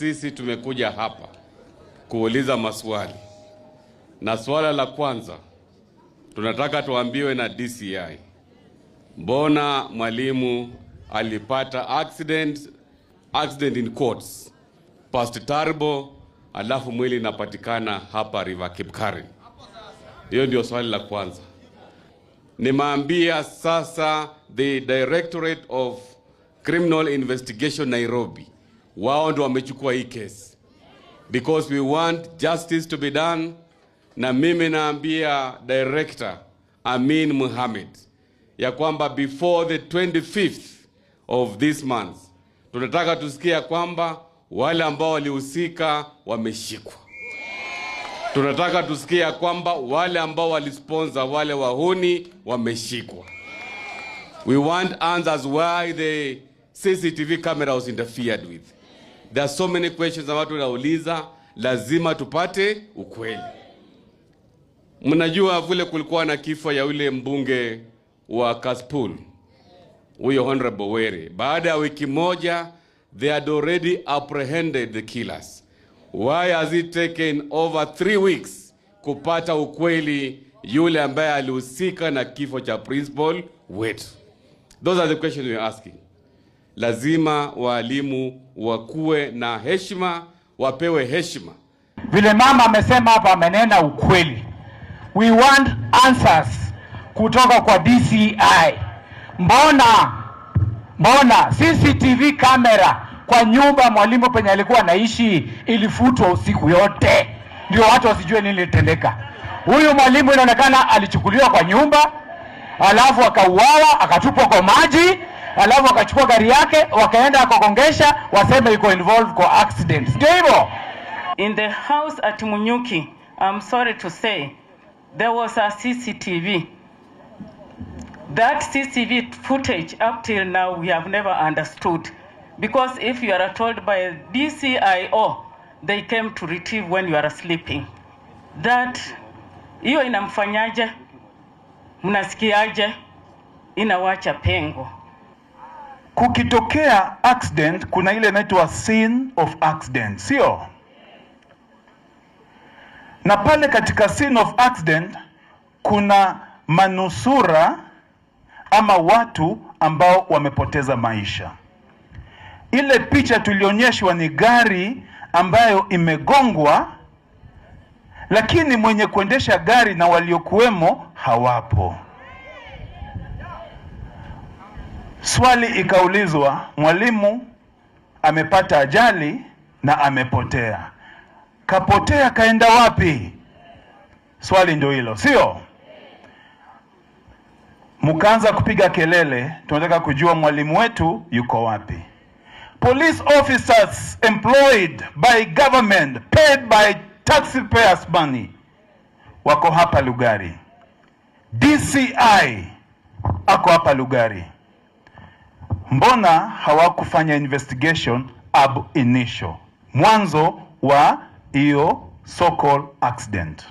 Sisi tumekuja hapa kuuliza maswali, na swala la kwanza tunataka tuambiwe na DCI, mbona mwalimu alipata accident, accident in quotes, past turbo, alafu mwili inapatikana hapa River Kipkaren? Hiyo ndio swali la kwanza. Nimeambia sasa the Directorate of Criminal Investigation Nairobi wao ndio wamechukua hii kesi because we want justice to be done. Na mimi naambia director Amin Mohamed ya kwamba before the 25th of this month tunataka tusikia kwamba wale ambao walihusika wameshikwa. Tunataka tusikia kwamba wale ambao walisponsa wale wahuni wameshikwa. We want answers why the CCTV camera was interfered with. There are so many questions za watu wanauliza, lazima tupate ukweli. Mnajua vile kulikuwa na kifo ya yule mbunge wa kaspool huyo Honorable Were. Baada ya wiki moja, they had already apprehended the killers. Why has it taken over three weeks kupata ukweli yule ambaye alihusika na kifo cha principal wetu? Those are the questions we are asking lazima walimu wakuwe na heshima, wapewe heshima. Vile mama amesema hapa, amenena ukweli. We want answers kutoka kwa DCI. Mbona mbona CCTV kamera kwa nyumba mwalimu penye alikuwa anaishi ilifutwa usiku yote, ndio watu wasijue nini litendeka. Huyu mwalimu inaonekana alichukuliwa kwa nyumba, alafu akauawa akatupwa kwa maji alafu wakachukua gari yake wakaenda akakongesha waseme iko involved kwa accident. Ndio hivyo. In the house at Munyuki, I'm sorry to say there was a CCTV. That CCTV footage up till now we have never understood because if you are told by DCIO they came to retrieve when you are sleeping. That hiyo inamfanyaje? Mnasikiaje? Inawacha pengo kukitokea accident, kuna ile inaitwa scene of accident, sio? Na pale katika scene of accident kuna manusura ama watu ambao wamepoteza maisha. Ile picha tulionyeshwa ni gari ambayo imegongwa, lakini mwenye kuendesha gari na waliokuwemo hawapo. Swali ikaulizwa, mwalimu amepata ajali na amepotea. Kapotea kaenda wapi? Swali ndio hilo, sio? Mkaanza kupiga kelele, tunataka kujua mwalimu wetu yuko wapi? Police officers employed by government paid by taxpayers money wako hapa Lugari. DCI ako hapa Lugari mbona hawakufanya investigation ab initio mwanzo wa hiyo so called accident?